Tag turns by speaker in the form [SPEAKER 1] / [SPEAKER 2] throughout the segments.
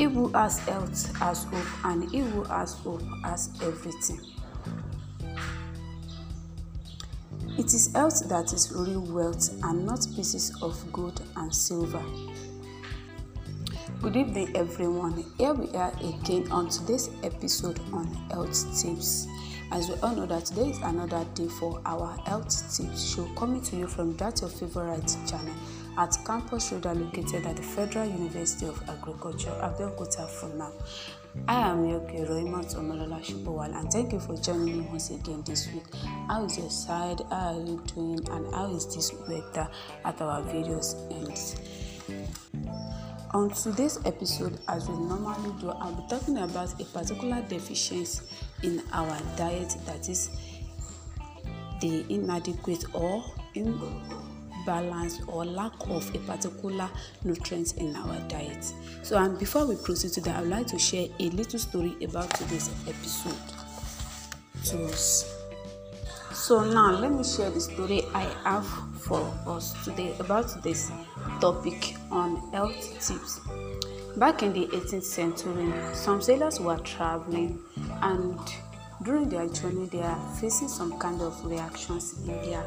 [SPEAKER 1] He who health as hope, and evil as has hope as everything. It is health that is real wealth and not pieces of gold and silver. Good evening, everyone. Here we are again on today's episode on health tips. As we all know that today is another day for our health tips show coming to you from that your favorite channel at campus road located at the Federal University of Agriculture, Abeokuta, FUNAB. I am your girl, Raymond Omolola Shubowal, and thank you for joining me once again this week. How is your side? How are you doing? And how is this weather at our various ends? On today's episode, as we normally do, I'll be talking about a particular deficiency in our diet that is the inadequate or in imbalance or lack of a particular nutrient in our diet. So, and before we proceed to that, I would like to share a little story about today's episode to us. So, now let me share the story I have for us today about this topic on health tips. Back in the 18th century, some sailors were traveling and during their journey they are facing some kind of reactions in their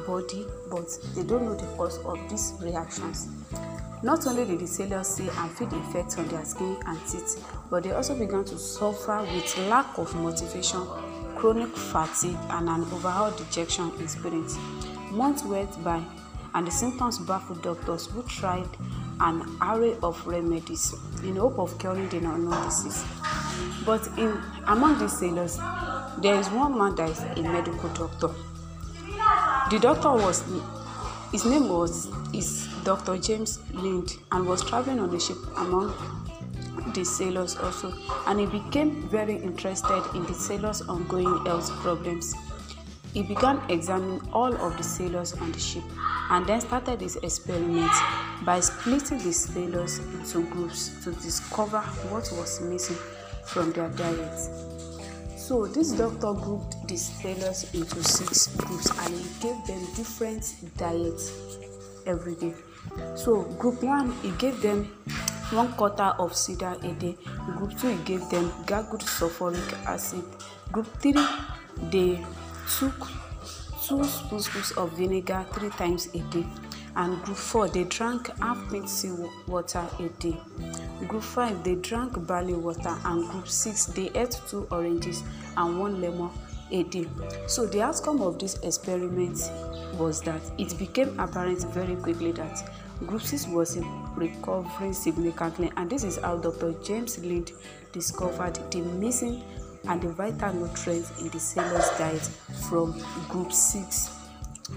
[SPEAKER 1] body but they don't know the cause of these reactions. Not only did the sailors see and feel the effects on their skin and teeth, but they also began to suffer with lack of motivation, chronic fatigue, and an overall dejection in spirit. Months went by, and the symptoms baffled doctors who tried an array of remedies in hope of curing the unknown disease. But in among these sailors, there is one man that is a medical doctor The doctor was his name was is Dr. James Lind and was traveling on the ship among the sailors also and he became very interested in the sailors ongoing health problems. He began examining all of the sailors on the ship and then started his experiment by splitting the sailors into groups to discover what was missing from their diets. So this doctor grouped these sailors into six groups and he gave them different diets every day. So group one, he gave them one quarter of cider a day. Group two, he gave them gargled sulfuric acid. Group three, they took two spoonfuls of vinegar three times a day. And group four, they drank half pint sea water a day. Group 5 they drank barley water and group 6 they ate two oranges and one lemon a day. So the outcome of this experiment was that it became apparent very quickly that group 6 was recovering significantly and this is how Dr. James Lind discovered the missing and the vital nutrients in the sailor's diet from group 6.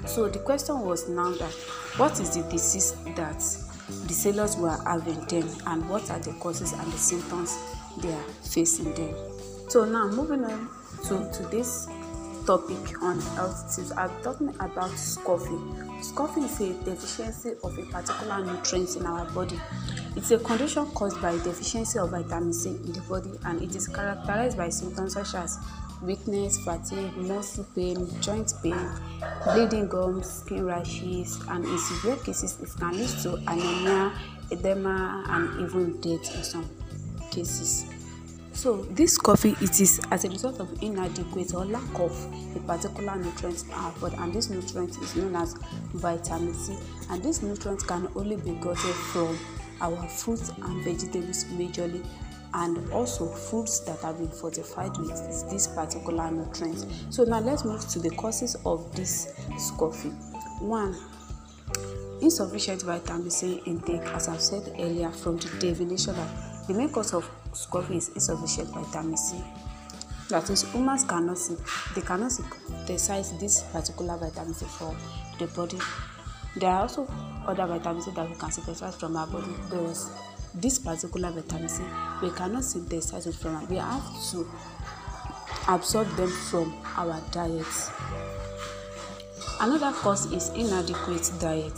[SPEAKER 1] So the question was now that what is the disease that the sailors were having them and what are the causes and the symptoms they are facing them. So now moving on to today's topic on health tips i'm talking about scurvy. Scurvy is a deficiency of a particular nutrient in our body it's a condition caused by deficiency of vitamin c in the body and it is characterized by symptoms such as weakness fatigue muscle pain joint pain bleeding gums skin rashes and in severe cases it can lead to anemia edema and even death in some cases. So this coffee it is as a result of inadequate or lack of a particular nutrient in our body and this nutrient is known as vitamin C and this nutrient can only be gotten from our fruits and vegetables majorly and also foods that have been fortified with this particular nutrient so now let's move to the causes of this scurvy. one insufficient vitamin c intake as i've said earlier from the definition that the main cause of scurvy is insufficient vitamin c that is humans cannot see they cannot synthesize this particular vitamin c for the body there are also other vitamins that we can synthesize from our body there is this particular vitamin C we cannot synthesize it from am we have to absorb them from our diet. Another cause is inadequate diet.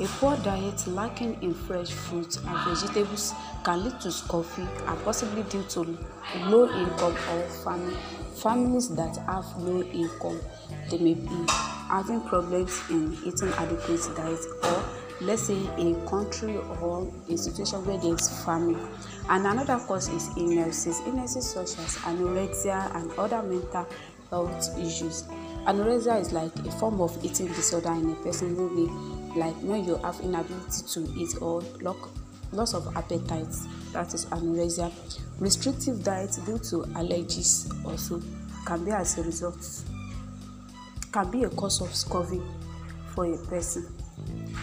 [SPEAKER 1] A poor diet lacking in fresh fruits and vegetables can lead to scurvy, and possibly due to low income or famine. Families that have low income, they may be having problems in eating adequate diet or let's say a country or a situation where there is famine and another cause is illnesses illnesses such as anorexia and other mental health issues anorexia is like a form of eating disorder in a person maybe like when you have inability to eat or lack loss of appetite that is anorexia restrictive diet due to allergies also can be as a result can be a cause of scurvy for a person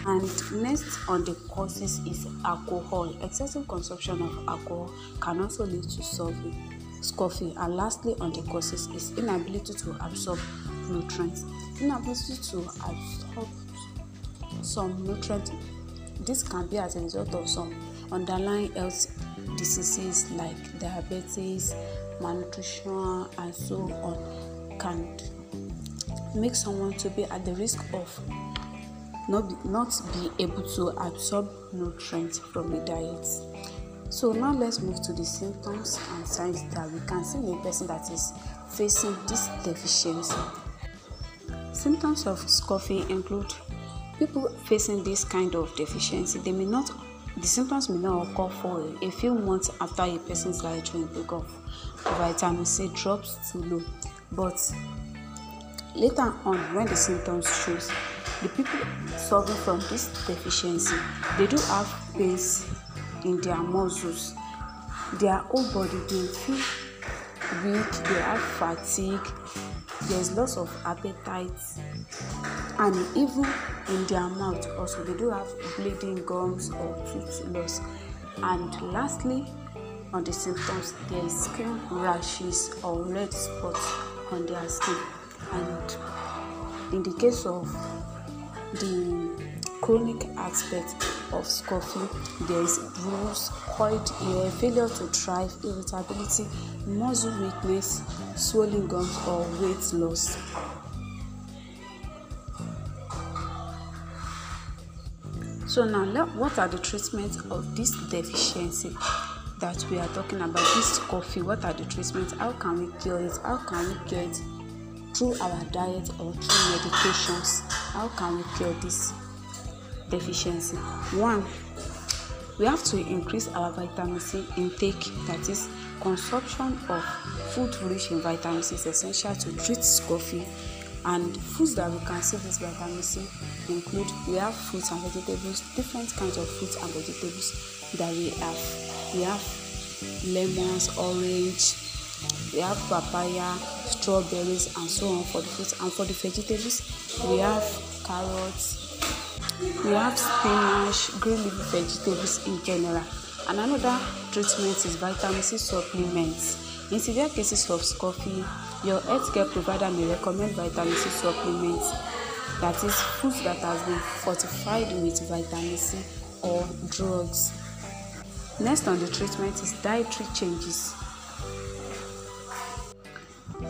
[SPEAKER 1] And next on the causes is alcohol. Excessive consumption of alcohol can also lead to scurvy. And lastly, on the causes is inability to absorb nutrients. Inability to absorb some nutrients. This can be as a result of some underlying health diseases like diabetes, malnutrition, and so on, can make someone to be at the risk of not be, not be able to absorb nutrients from the diet. So now let's move to the symptoms and signs that we can see in a person that is facing this deficiency. Symptoms of scoffing include people facing this kind of deficiency, they may not the symptoms may not occur for a few months after a person's dietary intake of vitamin C drops too low, but later on when the symptoms shows the people suffer from this deficiency they do have pains in their muscles their whole body dey feel weak they have fatigue there's loss of appetite and even in their mouth also they do have bleeding gums or tooth loss and lastly on the symptoms there is skin rashes or red spots on their skin and in the case of the chronic aspect of coughing there is bruise coiled ear failure to thrive irritability muscle weakness swollen gums or weight loss so now what are the treatments of this deficiency that we are talking about this coffee what are the treatments how can we cure it how can we cure it through our diet or through medications How can we cure this deficiency? One, we have to increase our vitamin C intake, that is, consumption of food rich in vitamin C is essential to treat scurvy. And foods that we can see this vitamin C include we have fruits and vegetables, different kinds of fruits and vegetables that we have. We have lemons, orange, we have papaya, strawberries and so on for the fruits and for the vegetables we have carrots we have spinach green leafy vegetables in general and another treatment is vitamin c supplements in severe cases of scurvy, your healthcare provider may recommend vitamin c supplements that is foods that have been fortified with vitamin c or drugs next on the treatment is dietary changes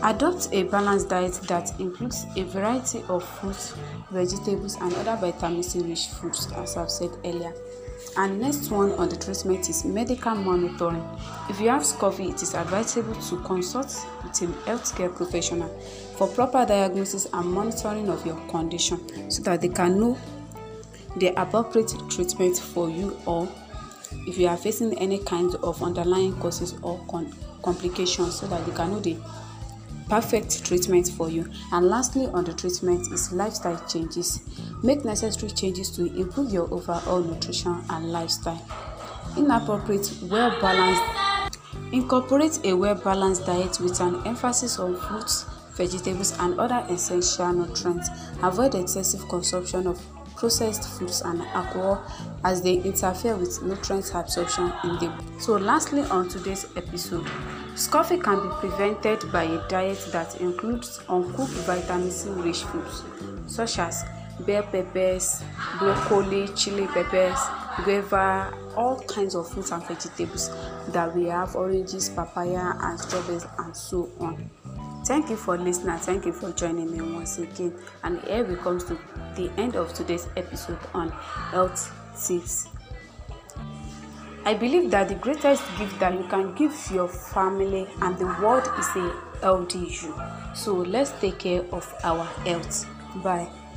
[SPEAKER 1] Adopt a balanced diet that includes a variety of fruits, vegetables, and other vitamin C rich foods, as I've said earlier. And next one on the treatment is medical monitoring. If you have scurvy, it is advisable to consult with a healthcare professional for proper diagnosis and monitoring of your condition so that they can know the appropriate treatment for you or if you are facing any kind of underlying causes or con- complications so that they can know the perfect treatment for you. And lastly, on the treatment is lifestyle changes. Make necessary changes to improve your overall nutrition and lifestyle. Inappropriate, well balanced. Incorporate a well balanced diet with an emphasis on fruits, vegetables, and other essential nutrients. Avoid excessive consumption of processed foods and alcohol as they interfere with nutrient absorption in the body. So lastly on today's episode, Scurvy can be prevented by a diet that includes uncooked vitamin C-rich foods such as bell peppers, broccoli, chili peppers, guava, all kinds of fruits and vegetables that we have oranges, papaya and strawberries and so on. Thank you for listening and thank you for joining me once again. And here we come to the end of today's episode on health tips. I believe that the greatest gift that you can give to your family and the world is a healthy issue. So let's take care of our health. Bye.